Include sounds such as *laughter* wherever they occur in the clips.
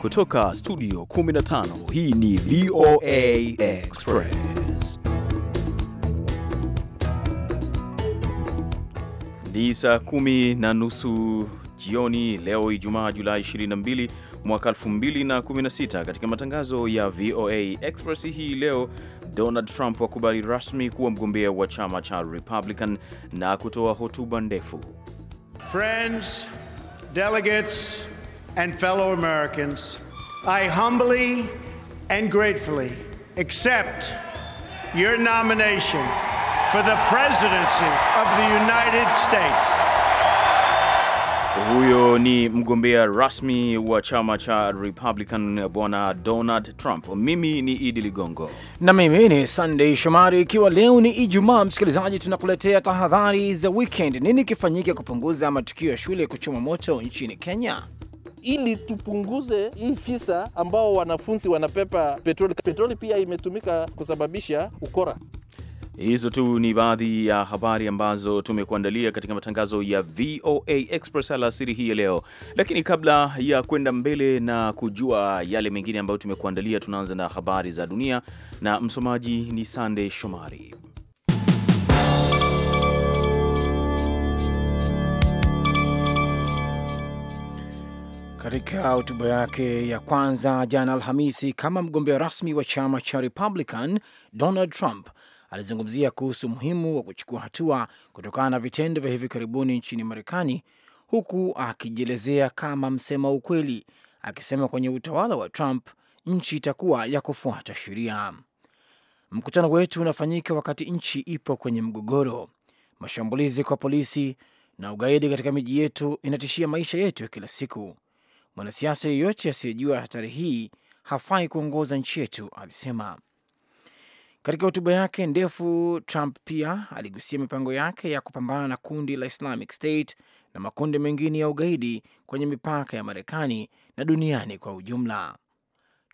Kutoka studio 15 hii ni VOA Express. Ni saa kumi na nusu jioni leo Ijumaa Julai 22 mwaka 2016. Katika matangazo ya VOA Express hii leo, Donald Trump wakubali rasmi kuwa mgombea wa chama cha Republican na kutoa hotuba ndefu. Friends, delegates and fellow Americans, I humbly and gratefully accept your nomination for the presidency of the United States. Huyo ni mgombea rasmi wa chama cha Republican bwana Donald Trump. Mimi ni Idi Ligongo na mimi ni Sunday Shomari. Ikiwa leo ni Ijumaa, msikilizaji, tunakuletea tahadhari za weekend. Nini kifanyike kupunguza matukio ya shule ya kuchoma moto nchini Kenya? ili tupunguze hii fisa ambao wanafunzi wanapepa petroli. Petroli pia imetumika kusababisha ukora. Hizo tu ni baadhi ya habari ambazo tumekuandalia katika matangazo ya VOA Express alasiri hii ya leo, lakini kabla ya kwenda mbele na kujua yale mengine ambayo tumekuandalia, tunaanza na habari za dunia na msomaji ni Sande Shomari. katika hotuba yake ya kwanza jana Alhamisi kama mgombea rasmi wa chama cha Republican, Donald Trump alizungumzia kuhusu umuhimu wa kuchukua hatua kutokana na vitendo vya hivi karibuni nchini Marekani, huku akijielezea kama msema ukweli, akisema kwenye utawala wa Trump nchi itakuwa ya kufuata sheria. Mkutano wetu unafanyika wakati nchi ipo kwenye mgogoro. Mashambulizi kwa polisi na ugaidi katika miji yetu inatishia maisha yetu ya kila siku. Mwanasiasa yeyote asiyejua hatari hii hafai kuongoza nchi yetu, alisema. Katika hotuba yake ndefu, Trump pia aligusia mipango yake ya kupambana na kundi la Islamic State na makundi mengine ya ugaidi kwenye mipaka ya Marekani na duniani kwa ujumla.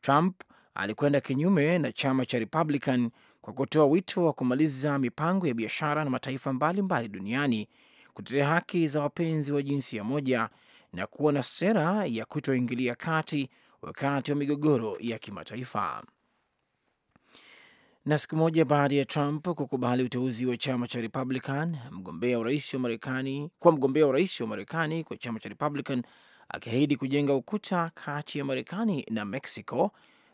Trump alikwenda kinyume na chama cha Republican kwa kutoa wito wa kumaliza mipango ya biashara na mataifa mbalimbali mbali duniani, kutetea haki za wapenzi wa jinsia moja na kuwa na sera ya kutoingilia kati wakati wa migogoro ya kimataifa. Na siku moja baada ya Trump kukubali uteuzi wa chama cha Republican, mgombea urais wa Marekani kwa mgombea urais wa Marekani kwa chama cha Republican akiahidi kujenga ukuta kati ya Marekani na Mexico,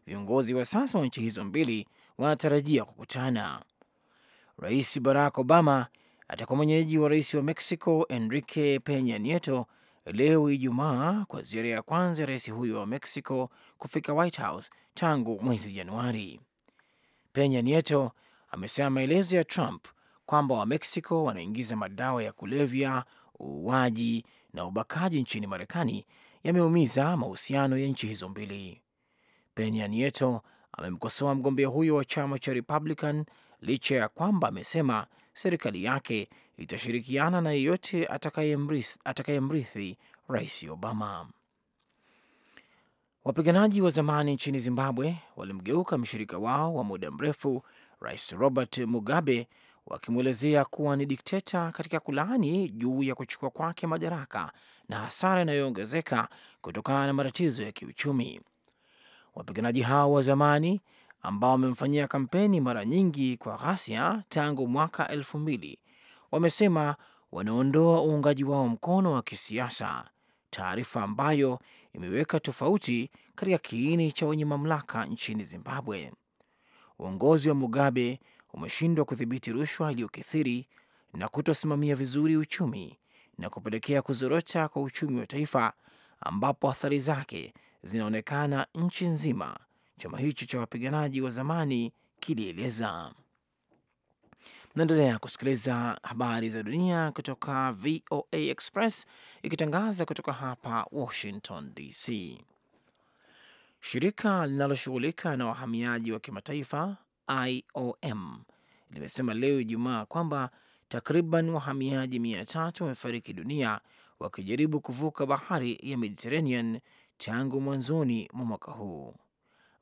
viongozi wa sasa wa nchi hizo mbili wanatarajia kukutana. Rais Barack Obama atakuwa mwenyeji wa rais wa Mexico Enrique Penya Nieto leo Ijumaa kwa ziara ya kwanza ya rais huyo wa Mexico kufika White House tangu mwezi Januari. Penya Nieto amesema maelezo ya Trump kwamba wamexico wanaingiza madawa ya kulevya, uuaji na ubakaji nchini Marekani yameumiza mahusiano ya nchi hizo mbili. Penya Nieto amemkosoa mgombea huyo wa chama cha Republican licha ya kwamba amesema serikali yake itashirikiana na yeyote atakayemrithi Rais Obama. Wapiganaji wa zamani nchini Zimbabwe walimgeuka mshirika wao wa muda mrefu Rais Robert Mugabe, wakimwelezea kuwa ni dikteta katika kulaani juu ya kuchukua kwake madaraka na hasara inayoongezeka kutokana na matatizo ya kiuchumi. Wapiganaji hao wa zamani ambao wamemfanyia kampeni mara nyingi kwa ghasia tangu mwaka elfu mbili wamesema wanaondoa uungaji wao mkono wa kisiasa, taarifa ambayo imeweka tofauti katika kiini cha wenye mamlaka nchini Zimbabwe. Uongozi wa Mugabe umeshindwa kudhibiti rushwa iliyokithiri na kutosimamia vizuri uchumi na kupelekea kuzorota kwa uchumi wa taifa, ambapo athari zake zinaonekana nchi nzima, chama hicho cha wapiganaji wa zamani kilieleza. Naendelea kusikiliza habari za dunia kutoka VOA Express ikitangaza kutoka hapa Washington DC. Shirika linaloshughulika na wahamiaji wa kimataifa IOM limesema leo Ijumaa kwamba takriban wahamiaji mia tatu wamefariki dunia wakijaribu kuvuka bahari ya Mediterranean tangu mwanzoni mwa mwaka huu.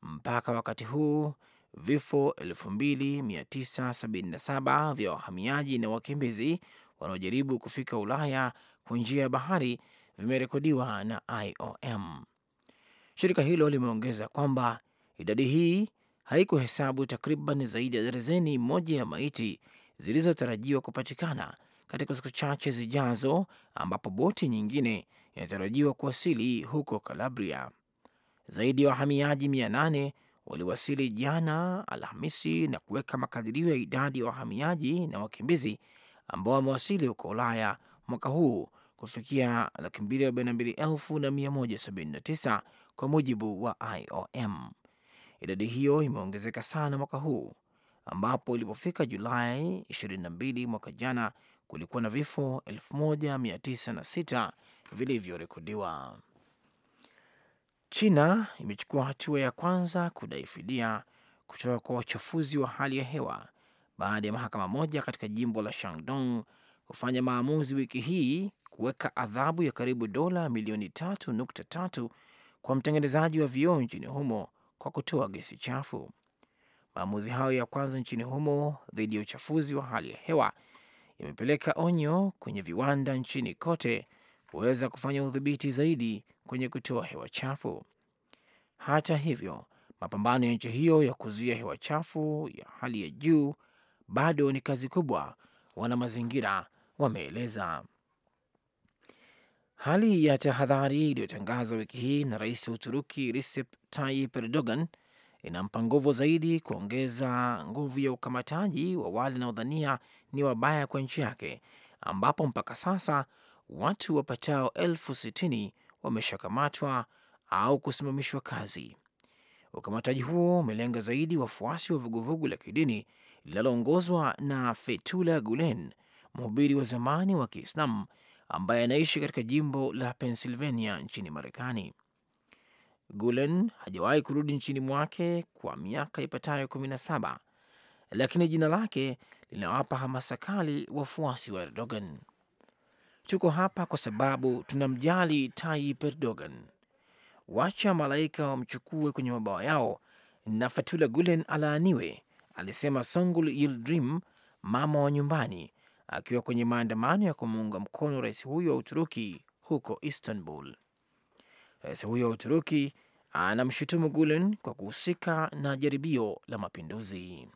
Mpaka wakati huu vifo 2977 vya wahamiaji na wakimbizi wanaojaribu kufika Ulaya kwa njia ya bahari vimerekodiwa na IOM. Shirika hilo limeongeza kwamba idadi hii haikuhesabu takriban zaidi ya darazeni moja ya maiti zilizotarajiwa kupatikana katika siku chache zijazo, ambapo boti nyingine inatarajiwa kuwasili huko Calabria. Zaidi ya wahamiaji mia nane waliwasili jana Alhamisi na kuweka makadirio ya idadi ya wahamiaji na wakimbizi ambao wamewasili huko Ulaya mwaka huu kufikia laki mbili arobaini na mbili elfu na mia moja sabini na tisa kwa mujibu wa IOM. Idadi hiyo imeongezeka sana mwaka huu ambapo ilipofika Julai 22 mwaka jana kulikuwa na vifo 1906 vilivyorekodiwa. China imechukua hatua ya kwanza kudai fidia kutoka kwa wachafuzi wa hali ya hewa baada ya mahakama moja katika jimbo la Shandong kufanya maamuzi wiki hii kuweka adhabu ya karibu dola milioni tatu nukta tatu kwa mtengenezaji wa vioo nchini humo kwa kutoa gesi chafu. Maamuzi hayo ya kwanza nchini humo dhidi ya uchafuzi wa hali ya hewa yamepeleka onyo kwenye viwanda nchini kote huweza kufanya udhibiti zaidi kwenye kutoa hewa chafu. Hata hivyo, mapambano ya nchi hiyo ya kuzuia hewa chafu ya hali ya juu bado ni kazi kubwa, wana mazingira wameeleza. Hali ya tahadhari iliyotangazwa wiki hii na rais wa Uturuki Recep Tayyip Erdogan inampa nguvu zaidi kuongeza nguvu ya ukamataji wa wale wanaodhania ni wabaya kwa nchi yake, ambapo mpaka sasa watu wapatao elfu sitini wameshakamatwa au kusimamishwa kazi. Ukamataji huo umelenga zaidi wafuasi wa vuguvugu la kidini linaloongozwa na Fethullah Gulen, mhubiri wa zamani wa Kiislamu ambaye anaishi katika jimbo la Pennsylvania nchini Marekani. Gulen hajawahi kurudi nchini mwake kwa miaka ipatayo 17 lakini jina lake linawapa hamasa kali wafuasi wa Erdogan tuko hapa kwa sababu tunamjali Tayyip Erdogan. Wacha malaika wamchukue kwenye mabawa yao na fatula Gulen alaaniwe, alisema Songul Yildirim, mama wa nyumbani, akiwa kwenye maandamano ya kumuunga mkono rais huyo wa Uturuki huko Istanbul. Rais huyo wa Uturuki anamshutumu Gulen kwa kuhusika na jaribio la mapinduzi.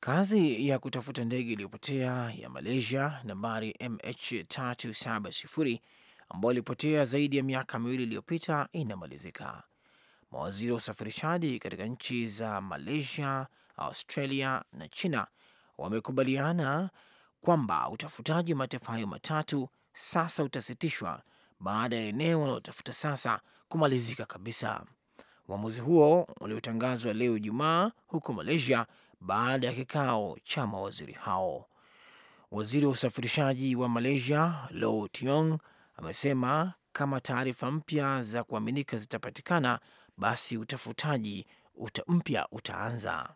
Kazi ya kutafuta ndege iliyopotea ya Malaysia nambari MH370 ambayo ilipotea zaidi ya miaka miwili iliyopita inamalizika. Mawaziri wa usafirishaji katika nchi za Malaysia, Australia na China wamekubaliana kwamba utafutaji wa mataifa hayo matatu sasa utasitishwa baada ya eneo wanaotafuta sasa kumalizika kabisa. Uamuzi huo uliotangazwa leo Ijumaa huko Malaysia baada ya kikao cha mawaziri hao. Waziri wa usafirishaji wa Malaysia Low Tiong amesema kama taarifa mpya za kuaminika zitapatikana, basi utafutaji uta mpya utaanza.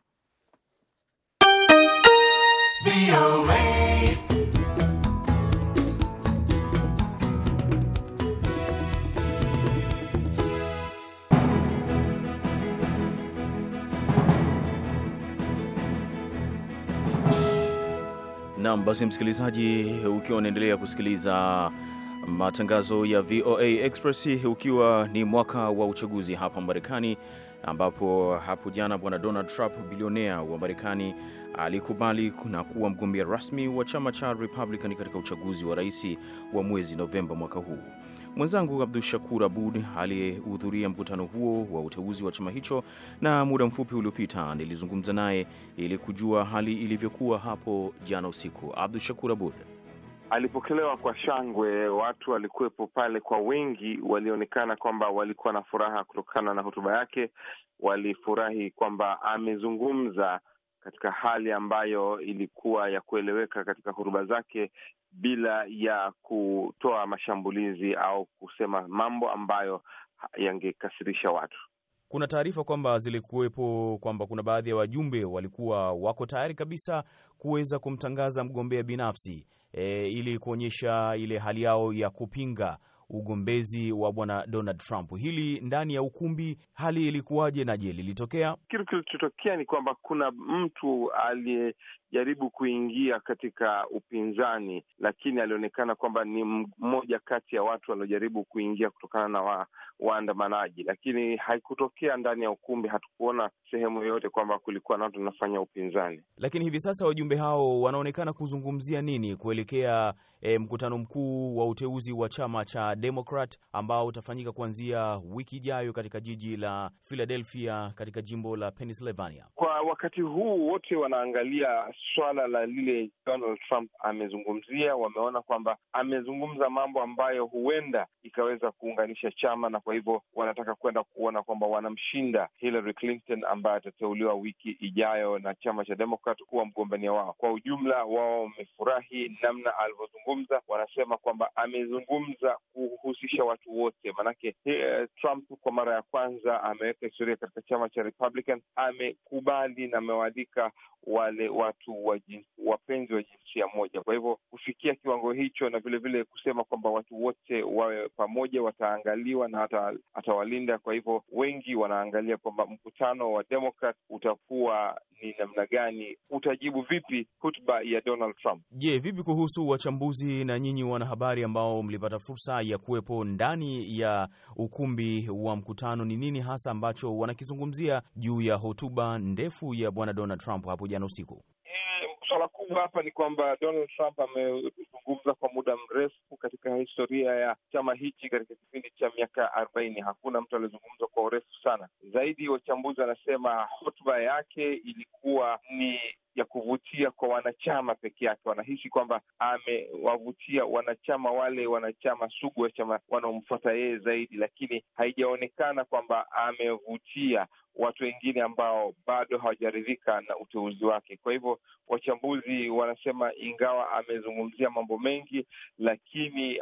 Naam, basi msikilizaji, ukiwa unaendelea kusikiliza matangazo ya VOA Express, ukiwa ni mwaka wa uchaguzi hapa Marekani, ambapo hapo jana bwana Donald Trump bilionea wa Marekani alikubali na kuwa mgombea rasmi wa chama cha Republican katika uchaguzi wa rais wa mwezi Novemba mwaka huu. Mwenzangu Abdu Shakur Abud aliyehudhuria mkutano huo wa uteuzi wa chama hicho, na muda mfupi uliopita nilizungumza naye ili kujua hali ilivyokuwa hapo jana usiku. Abdu Shakur Abud alipokelewa kwa shangwe. Watu walikuwepo pale kwa wengi, walionekana kwamba walikuwa na furaha kutokana na hotuba yake. Walifurahi kwamba amezungumza katika hali ambayo ilikuwa ya kueleweka katika huruba zake bila ya kutoa mashambulizi au kusema mambo ambayo yangekasirisha watu. Kuna taarifa kwamba zilikuwepo kwamba kuna baadhi ya wajumbe walikuwa wako tayari kabisa kuweza kumtangaza mgombea binafsi e, ili kuonyesha ile hali yao ya kupinga ugombezi wa bwana Donald Trump. Hili ndani ya ukumbi, hali ilikuwaje na je, lilitokea? Kitu kilichotokea ni kwamba kuna mtu aliye jaribu kuingia katika upinzani, lakini alionekana kwamba ni mmoja kati ya watu waliojaribu kuingia kutokana na wa, waandamanaji, lakini haikutokea ndani ya ukumbi. Hatukuona sehemu yoyote kwamba kulikuwa na watu wanafanya upinzani. Lakini hivi sasa wajumbe hao wanaonekana kuzungumzia nini kuelekea e, mkutano mkuu wa uteuzi wa chama cha Democrat ambao utafanyika kuanzia wiki ijayo katika jiji la Philadelphia katika jimbo la Pennsylvania. Kwa wakati huu wote wanaangalia swala la lile Donald Trump amezungumzia, wameona kwamba amezungumza mambo ambayo huenda ikaweza kuunganisha chama, na kwa hivyo wanataka kwenda kuona kwamba wanamshinda Hillary Clinton ambaye atateuliwa wiki ijayo na chama cha Demokrat kuwa mgombania wao. Kwa ujumla, wao wamefurahi namna alivyozungumza. Wanasema kwamba amezungumza kuhusisha watu wote, maanake eh, Trump kwa mara ya kwanza ameweka historia katika chama cha Republican. Amekubali na amewaalika wale watu watu wa wapenzi wa jinsia moja. Kwa hivyo kufikia kiwango hicho, na vilevile vile kusema kwamba watu wote wawe pamoja, wataangaliwa na hata atawalinda. Kwa hivyo wengi wanaangalia kwamba mkutano wa Demokrat utakuwa ni namna gani, utajibu vipi hutuba ya Donald Trump. Je, vipi kuhusu wachambuzi na nyinyi wanahabari ambao mlipata fursa ya kuwepo ndani ya ukumbi wa mkutano? Ni nini hasa ambacho wanakizungumzia juu ya hotuba ndefu ya bwana Donald Trump hapo jana usiku? Swala kubwa hapa ni kwamba Donald Trump amezungumza kwa muda mrefu katika historia ya chama hichi. Katika kipindi cha miaka arobaini hakuna mtu aliyezungumza kwa urefu sana zaidi. Wachambuzi wanasema hotuba yake ilikuwa ni ya kuvutia kwa wanachama peke yake. Wanahisi kwamba amewavutia wanachama wale wanachama sugu wa chama wanaomfuata yeye zaidi, lakini haijaonekana kwamba amevutia watu wengine ambao bado hawajaridhika na uteuzi wake. Kwa hivyo wachambuzi wanasema ingawa amezungumzia mambo mengi, lakini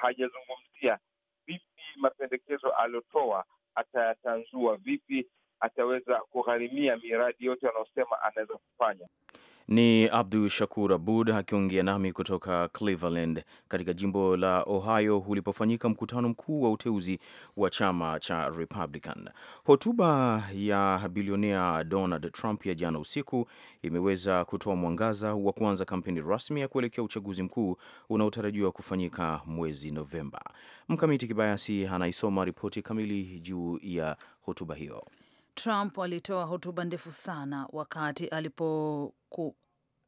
hajazungumzia vipi mapendekezo aliyotoa atayatanzua vipi ataweza kugharimia miradi yote anayosema anaweza kufanya. Ni Abdu Shakur Abud akiongea nami kutoka Cleveland katika jimbo la Ohio ulipofanyika mkutano mkuu wa uteuzi wa chama cha Republican. Hotuba ya bilionea Donald Trump ya jana usiku imeweza kutoa mwangaza wa kuanza kampeni rasmi ya kuelekea uchaguzi mkuu unaotarajiwa kufanyika mwezi Novemba. Mkamiti Kibayasi anaisoma ripoti kamili juu ya hotuba hiyo. Trump alitoa hotuba ndefu sana wakati alipo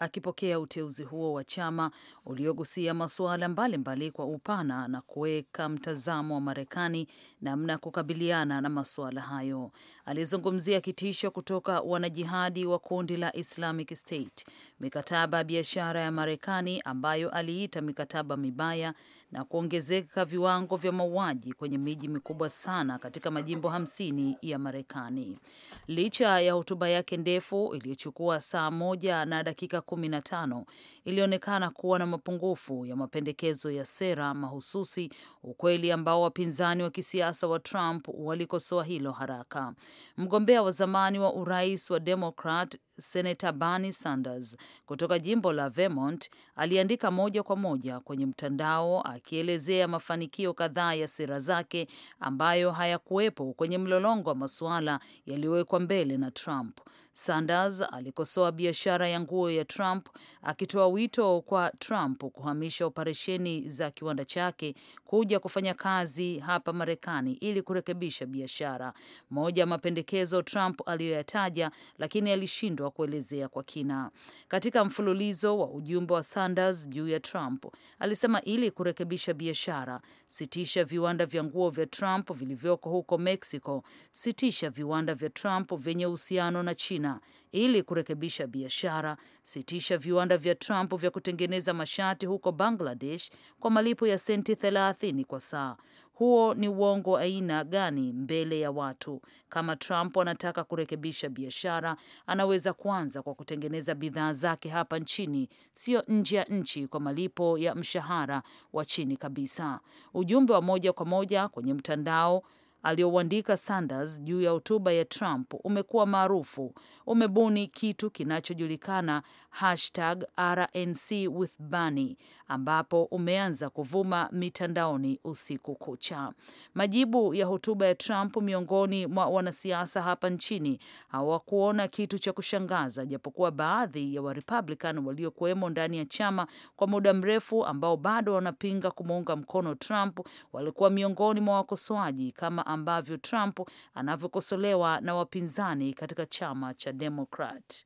akipokea uteuzi huo wa chama uliogusia masuala mbalimbali kwa upana na kuweka mtazamo wa Marekani namna ya kukabiliana na masuala hayo. Alizungumzia kitisho kutoka wanajihadi wa kundi la Islamic State, mikataba ya biashara ya Marekani ambayo aliita mikataba mibaya na kuongezeka viwango vya mauaji kwenye miji mikubwa sana katika majimbo hamsini ya Marekani. Licha ya hotuba yake ndefu iliyochukua saa moja na dakika 15 ilionekana kuwa na mapungufu ya mapendekezo ya sera mahususi, ukweli ambao wapinzani wa kisiasa wa Trump walikosoa hilo haraka. Mgombea wa zamani wa urais wa Democrat Senata Bernie Sanders kutoka jimbo la Vermont aliandika moja kwa moja kwenye mtandao akielezea mafanikio kadhaa ya sera zake ambayo hayakuwepo kwenye mlolongo wa masuala yaliyowekwa mbele na Trump. Sanders alikosoa biashara ya nguo ya Trump akitoa wito kwa Trump kuhamisha operesheni za kiwanda chake kuja kufanya kazi hapa Marekani ili kurekebisha biashara. Moja ya mapendekezo Trump aliyoyataja, lakini alishindwa wa kuelezea kwa kina. Katika mfululizo wa ujumbe wa Sanders juu ya Trump, alisema ili kurekebisha biashara, sitisha viwanda vya nguo vya Trump vilivyoko huko Mexico, sitisha viwanda vya Trump vyenye uhusiano na China ili kurekebisha biashara, sitisha viwanda vya Trump vya kutengeneza mashati huko Bangladesh kwa malipo ya senti 30 kwa saa. Huo ni uongo wa aina gani mbele ya watu? Kama Trump anataka kurekebisha biashara, anaweza kuanza kwa kutengeneza bidhaa zake hapa nchini, sio nje ya nchi kwa malipo ya mshahara wa chini kabisa. Ujumbe wa moja kwa moja kwenye mtandao aliyouandika Sanders juu ya hotuba ya Trump umekuwa maarufu, umebuni kitu kinachojulikana hashtag RNC with Bernie, ambapo umeanza kuvuma mitandaoni usiku kucha. Majibu ya hotuba ya Trump miongoni mwa wanasiasa hapa nchini hawakuona kitu cha kushangaza, japokuwa baadhi ya Warepublican waliokuwemo ndani ya chama kwa muda mrefu ambao bado wanapinga kumuunga mkono Trump walikuwa miongoni mwa wakosoaji kama ambavyo Trump anavyokosolewa na wapinzani katika chama cha Demokrat.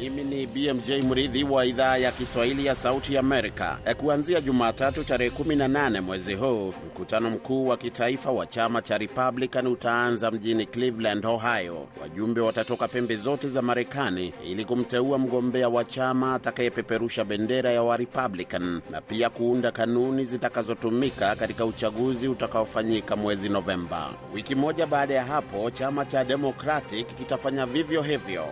Mimi ni BMJ Mridhi wa idhaa ya Kiswahili ya Sauti Amerika. E, kuanzia Jumatatu tarehe 18 mwezi huu, mkutano mkuu wa kitaifa wa chama cha Republican utaanza mjini Cleveland, Ohio. Wajumbe watatoka pembe zote za Marekani ili kumteua mgombea wa chama atakayepeperusha bendera ya Warepublican na pia kuunda kanuni zitakazotumika katika uchaguzi utakaofanyika mwezi Novemba. Wiki moja baada ya hapo, chama cha Democratic kitafanya vivyo hivyo.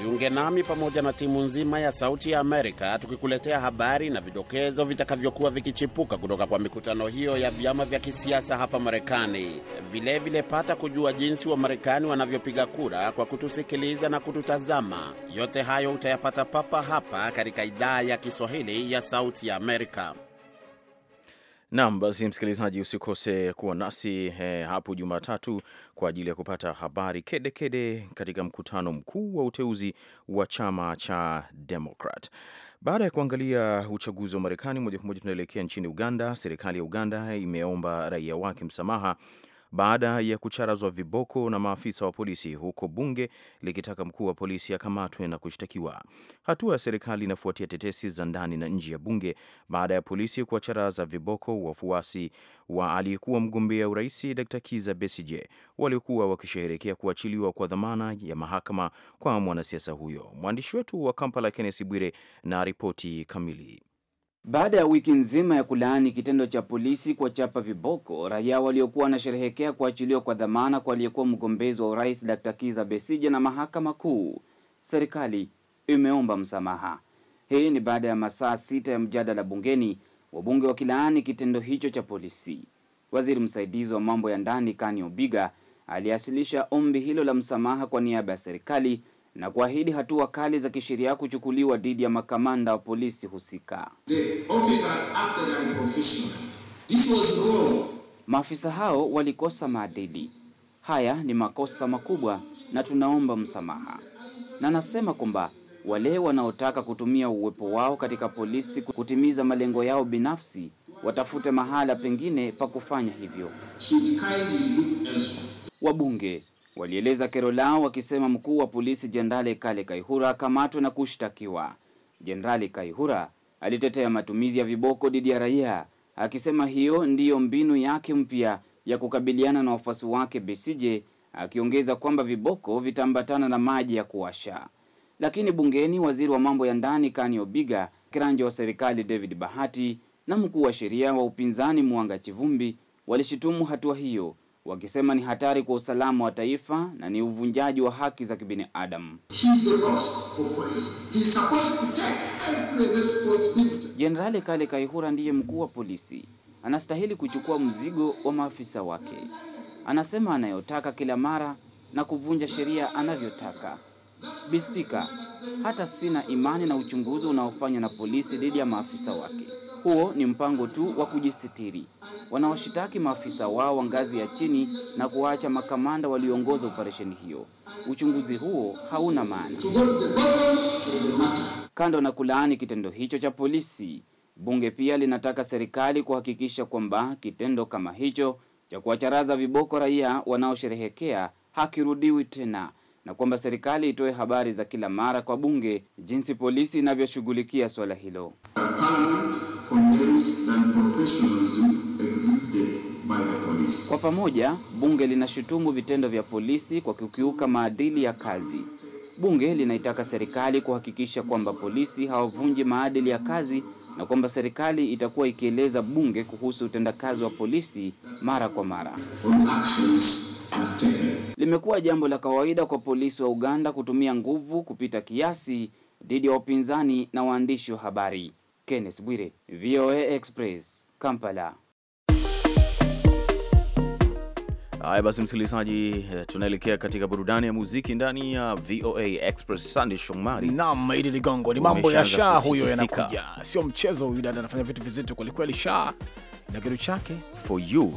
Jiunge nami pamoja na timu nzima ya Sauti ya Amerika tukikuletea habari na vidokezo vitakavyokuwa vikichipuka kutoka kwa mikutano hiyo ya vyama vya kisiasa hapa Marekani. Vilevile pata kujua jinsi Wamarekani wanavyopiga kura kwa kutusikiliza na kututazama. Yote hayo utayapata papa hapa katika idhaa ya Kiswahili ya Sauti ya Amerika. Naam, basi msikilizaji, usikose kuwa nasi eh, hapo Jumatatu kwa ajili ya kupata habari kedekede kede katika mkutano mkuu wa uteuzi wa chama cha demokrat Baada ya kuangalia uchaguzi wa Marekani, moja kwa moja tunaelekea nchini Uganda. Serikali ya Uganda imeomba raia wake msamaha baada ya kucharazwa viboko na maafisa wa polisi, huko bunge likitaka mkuu wa polisi akamatwe na kushtakiwa. Hatua ya serikali inafuatia tetesi za ndani na nje ya bunge baada ya polisi kuwacharaza viboko wafuasi wa aliyekuwa mgombea urais d Kiza Besije waliokuwa wakisherehekea kuachiliwa kwa dhamana ya mahakama kwa mwanasiasa huyo. Mwandishi wetu wa Kampala kennesi Bwire na ripoti kamili. Baada ya wiki nzima ya kulaani kitendo cha polisi kuwachapa viboko raia waliokuwa wanasherehekea kuachiliwa kwa dhamana kwa aliyekuwa mgombezi wa urais Dr. Kiza Besije na mahakama kuu, serikali imeomba msamaha. Hii ni baada ya masaa sita ya mjadala bungeni, wabunge wakilaani kitendo hicho cha polisi. Waziri msaidizi wa mambo ya ndani Kani Obiga aliasilisha ombi hilo la msamaha kwa niaba ya serikali na kuahidi hatua kali za kisheria kuchukuliwa dhidi ya makamanda wa polisi husika. Maafisa hao walikosa maadili. Haya ni makosa makubwa na tunaomba msamaha. Na nasema kwamba wale wanaotaka kutumia uwepo wao katika polisi kutimiza malengo yao binafsi watafute mahala pengine pa kufanya hivyo. Wabunge walieleza kero lao wakisema mkuu wa polisi Jenerali Kale Kaihura akamatwe na kushtakiwa. Jenerali Kaihura alitetea matumizi ya viboko dhidi ya raia akisema hiyo ndiyo mbinu yake mpya ya kukabiliana na wafuasi wake Besije, akiongeza kwamba viboko vitaambatana na maji ya kuwasha. Lakini bungeni, waziri wa mambo ya ndani Kani Obiga, kiranja wa serikali David Bahati na mkuu wa sheria wa upinzani Mwanga Chivumbi walishitumu hatua hiyo wakisema ni hatari kwa usalama wa taifa na ni uvunjaji wa haki za kibinadamu. Jenerali Kale Kaihura ndiye mkuu wa polisi, anastahili kuchukua mzigo wa maafisa wake. Anasema anayotaka kila mara na kuvunja sheria anavyotaka. Bistika, hata sina imani na uchunguzi unaofanywa na polisi dhidi ya maafisa wake. Huo ni mpango tu wa kujisitiri. Wanawashitaki maafisa wao wa ngazi ya chini na kuwaacha makamanda walioongoza operesheni hiyo. Uchunguzi huo hauna maana. Kando na kulaani kitendo hicho cha polisi, bunge pia linataka serikali kuhakikisha kwamba kitendo kama hicho cha kuwacharaza viboko raia wanaosherehekea hakirudiwi tena na kwamba serikali itoe habari za kila mara kwa bunge jinsi polisi inavyoshughulikia swala hilo. Kwa pamoja, bunge linashutumu vitendo vya polisi kwa kukiuka maadili ya kazi. Bunge linaitaka serikali kuhakikisha kwamba polisi hawavunji maadili ya kazi na kwamba serikali itakuwa ikieleza bunge kuhusu utendakazi wa polisi mara kwa mara. Limekuwa jambo la kawaida kwa polisi wa Uganda kutumia nguvu kupita kiasi dhidi ya wapinzani na waandishi wa habari. Kenneth Bwire, VOA Express, Kampala. Haya basi, msikilizaji, eh, tunaelekea katika burudani ya muziki ndani ya VOA Express. Sandy Shomari nam Idi Ligongo, ni mambo ya sha huyo yanakuja, sio mchezo. Huyu dada anafanya vitu vizito kwelikweli. Sha na kitu chake for you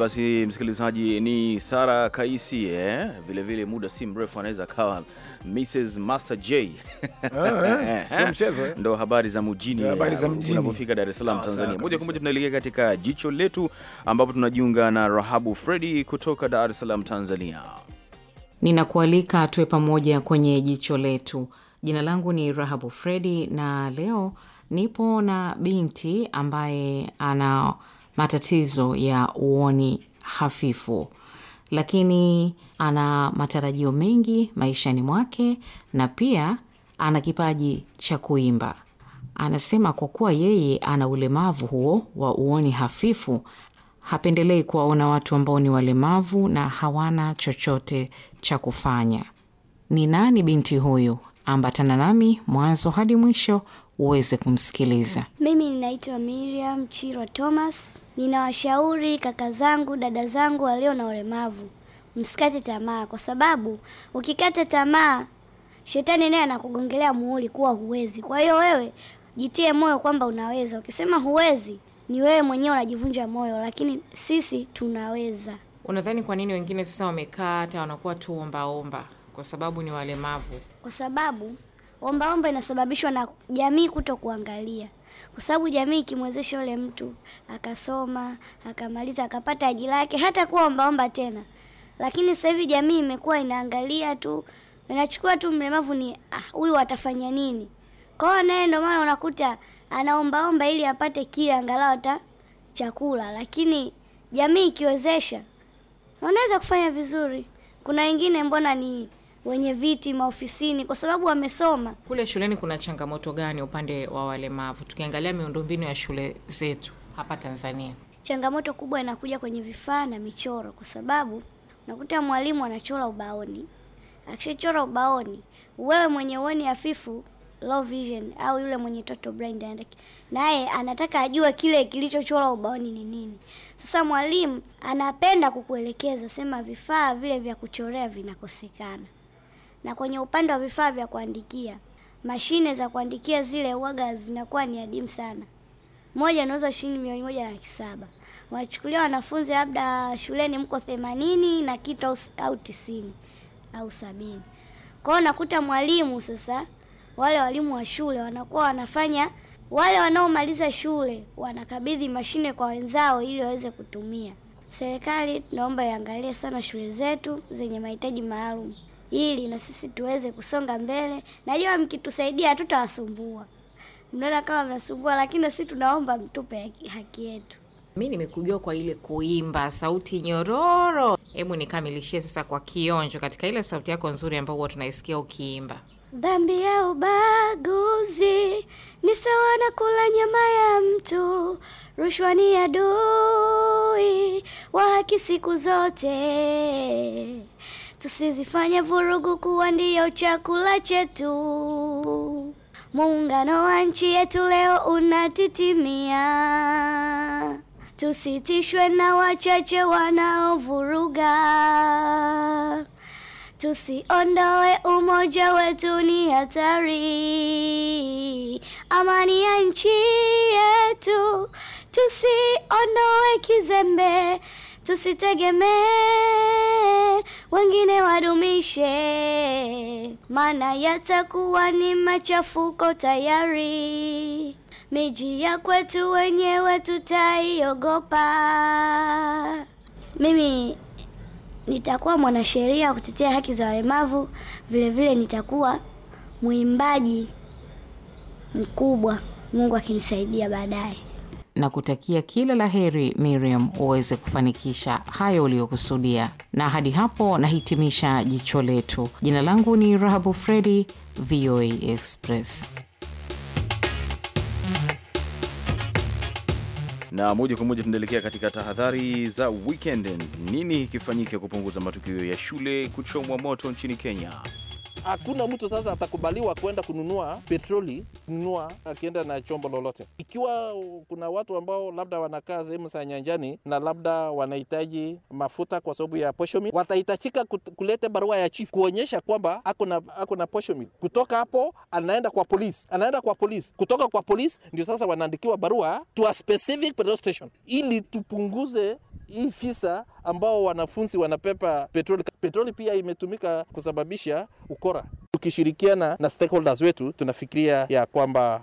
basi msikilizaji, ni Sara Kaisi eh? Vilevile muda si mrefu anaweza akawa Mrs Master J *laughs* eh, eh, sio mchezo eh? Ndo habari za mjini eh, unapofika Dar es Salaam, Tanzania. Moja kwa moja tunaelekea katika jicho letu, ambapo tunajiunga na Rahabu Fredi kutoka Dar es Salaam, Tanzania. Ninakualika tuwe pamoja kwenye jicho letu. Jina langu ni Rahabu Fredi na leo nipo na binti ambaye ana matatizo ya uoni hafifu, lakini ana matarajio mengi maishani mwake na pia ana kipaji cha kuimba. Anasema kwa kuwa yeye ana ulemavu huo wa uoni hafifu, hapendelei kuwaona watu ambao ni walemavu na hawana chochote cha kufanya. Ni nani binti huyu? Ambatana nami mwanzo hadi mwisho uweze kumsikiliza. Mimi ninaitwa Miriam chiro Thomas, ninawashauri kaka zangu, dada zangu walio na ulemavu, msikate tamaa, kwa sababu ukikata tamaa shetani naye anakugongelea muhuri kuwa huwezi. Kwa hiyo wewe jitie moyo kwamba unaweza. Ukisema huwezi, ni wewe mwenyewe unajivunja moyo, lakini sisi tunaweza. Unadhani kwa nini wengine sasa wamekaa hata wanakuwa tu ombaomba? Kwa sababu ni walemavu. Kwa sababu ombaomba inasababishwa na jamii kuto kuangalia, kwa sababu jamii ikimwezesha yule mtu akasoma akamaliza akapata ajira yake hata kuwa ombaomba tena. Lakini sasa hivi jamii imekuwa inaangalia tu, inachukua tu mlemavu ni ah, huyu, ah, atafanya nini kwao, naye ndio maana unakuta anaombaomba ili apate kile angalau hata chakula, lakini jamii ikiwezesha unaweza kufanya vizuri. Kuna wengine mbona ni wenye viti maofisini, kwa sababu wamesoma. Kule shuleni kuna changamoto gani upande wa walemavu, tukiangalia miundombinu ya shule zetu hapa Tanzania? Changamoto kubwa inakuja kwenye vifaa na michoro, kwa sababu unakuta mwalimu anachora ubaoni. Akishachora ubaoni, wewe mwenye uoni hafifu low vision au yule mwenye toto naye anataka ajue kile kilichochora ubaoni ni nini. Sasa mwalimu anapenda kukuelekeza, sema vifaa vile vya kuchorea vinakosekana na kwenye upande wa vifaa vya kuandikia, mashine za kuandikia zile uaga zinakuwa ni adimu sana. Moja inauzwa shilingi milioni moja na laki saba. wanafunzi labda shuleni mko themanini na kitu au tisini au sabini. Kwa hiyo nakuta mwalimu sasa, wale walimu wa shule wanakuwa wanafanya, wale wanaomaliza shule wanakabidhi mashine kwa wenzao ili waweze kutumia. Serikali tunaomba iangalie sana shule zetu zenye mahitaji maalum ili na sisi tuweze kusonga mbele. Najua mkitusaidia tutawasumbua, mnaona kama mnasumbua, lakini sisi tunaomba mtupe haki yetu. Mi nimekujua kwa ile kuimba sauti nyororo. Hebu nikamilishie sasa kwa kionjo, katika ile sauti yako nzuri ambayo huwa tunaisikia ukiimba. Dhambi ya ubaguzi ni sawa na kula nyama ya mtu, rushwa ni adui wa haki siku zote tusizifanye vurugu kuwa ndiyo chakula chetu. Muungano wa nchi yetu leo unatitimia. Tusitishwe na wachache wanaovuruga. Tusiondoe umoja wetu, ni hatari. Amani ya nchi yetu tusiondoe kizembe. Tusitegemee wengine wadumishe, maana yatakuwa ni machafuko tayari. Miji ya kwetu wenyewe tutaiogopa. Mimi nitakuwa mwanasheria wa kutetea haki za walemavu, vilevile nitakuwa mwimbaji mkubwa, Mungu akinisaidia baadaye na kutakia kila la heri Miriam, uweze kufanikisha hayo uliyokusudia. Na hadi hapo nahitimisha jicho letu. Jina langu ni Rahabu Fredi, VOA Express. Na moja kwa moja tunaelekea katika tahadhari za weekend. Nini kifanyike kupunguza matukio ya shule kuchomwa moto nchini Kenya? hakuna mtu sasa atakubaliwa kwenda kununua petroli kununua akienda na chombo lolote. Ikiwa kuna watu ambao labda wanakaa sehemu za nyanjani na labda wanahitaji mafuta kwa sababu ya posho watahitajika kuleta barua ya chief kuonyesha kwamba ako na ako na posho Kutoka hapo anaenda kwa polisi, anaenda kwa polisi, kutoka kwa polisi ndio sasa wanaandikiwa barua to a specific petrol station, ili tupunguze hii visa ambao wanafunzi wanapepa petroli. Petroli pia imetumika kusababisha ukora tukishirikiana na stakeholders wetu tunafikiria ya kwamba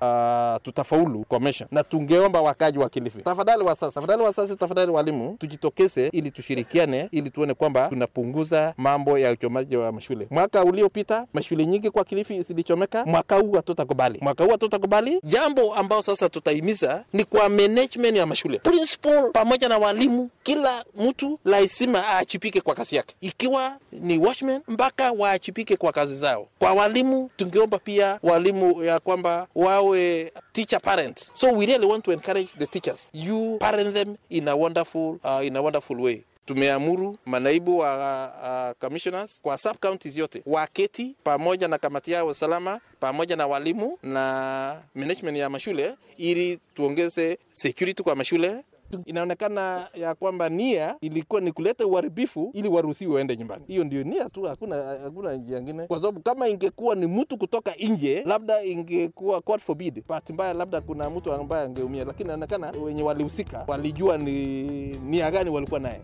uh, tutafaulu kwa mesha, na tungeomba wakaji wa Kilifi tafadhali, wasasi tafadhali, wasasi tafadhali, walimu tujitokeze, ili tushirikiane, ili tuone kwamba tunapunguza mambo ya uchomaji wa mashule. Mwaka uliopita mashule nyingi kwa Kilifi zilichomeka, mwaka huu hatutakubali, mwaka huu hatutakubali. Jambo ambao sasa tutahimiza ni kwa management ya mashule, principal pamoja na walimu, kila mtu lazima aachipike kwa kazi yake, ikiwa ni watchman mpaka waachipike kwa kazi zao kwa kwa walimu tungeomba pia walimu ya kwamba wawe teacher parents. So we really want to encourage the teachers. You parent them in a wonderful, uh, in a wonderful way. Tumeamuru manaibu wa uh, uh, commissioners kwa sub counties yote waketi pamoja na kamati yao usalama pamoja na walimu na management ya mashule ili tuongeze security kwa mashule. Inaonekana ya kwamba nia ilikuwa ni kuleta uharibifu ili waruhusiwe waende nyumbani. Hiyo ndio nia tu, hakuna hakuna njia nyingine, kwa sababu kama ingekuwa ni mtu kutoka nje, labda ingekuwa God forbid, bahati mbaya, labda kuna mtu ambaye angeumia, lakini inaonekana wenye walihusika walijua ni nia gani walikuwa naye.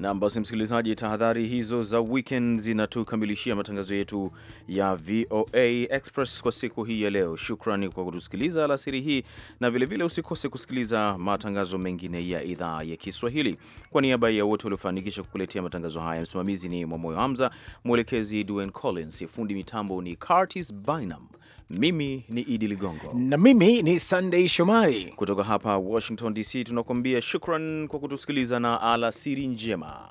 Nam, basi msikilizaji, tahadhari hizo za weekend zinatukamilishia matangazo yetu ya VOA Express kwa siku hii ya leo. Shukrani kwa kutusikiliza alasiri hii, na vilevile usikose kusikiliza matangazo mengine ya idhaa ya Kiswahili. Kwa niaba ya wote waliofanikisha kukuletea matangazo haya, msimamizi ni Mwamoyo Hamza, mwelekezi Dwayne Collins, fundi mitambo ni Curtis Bynum. Mimi ni Idi Ligongo na mimi ni Sunday Shomari kutoka hapa Washington DC, tunakuambia shukran kwa kutusikiliza na alasiri njema.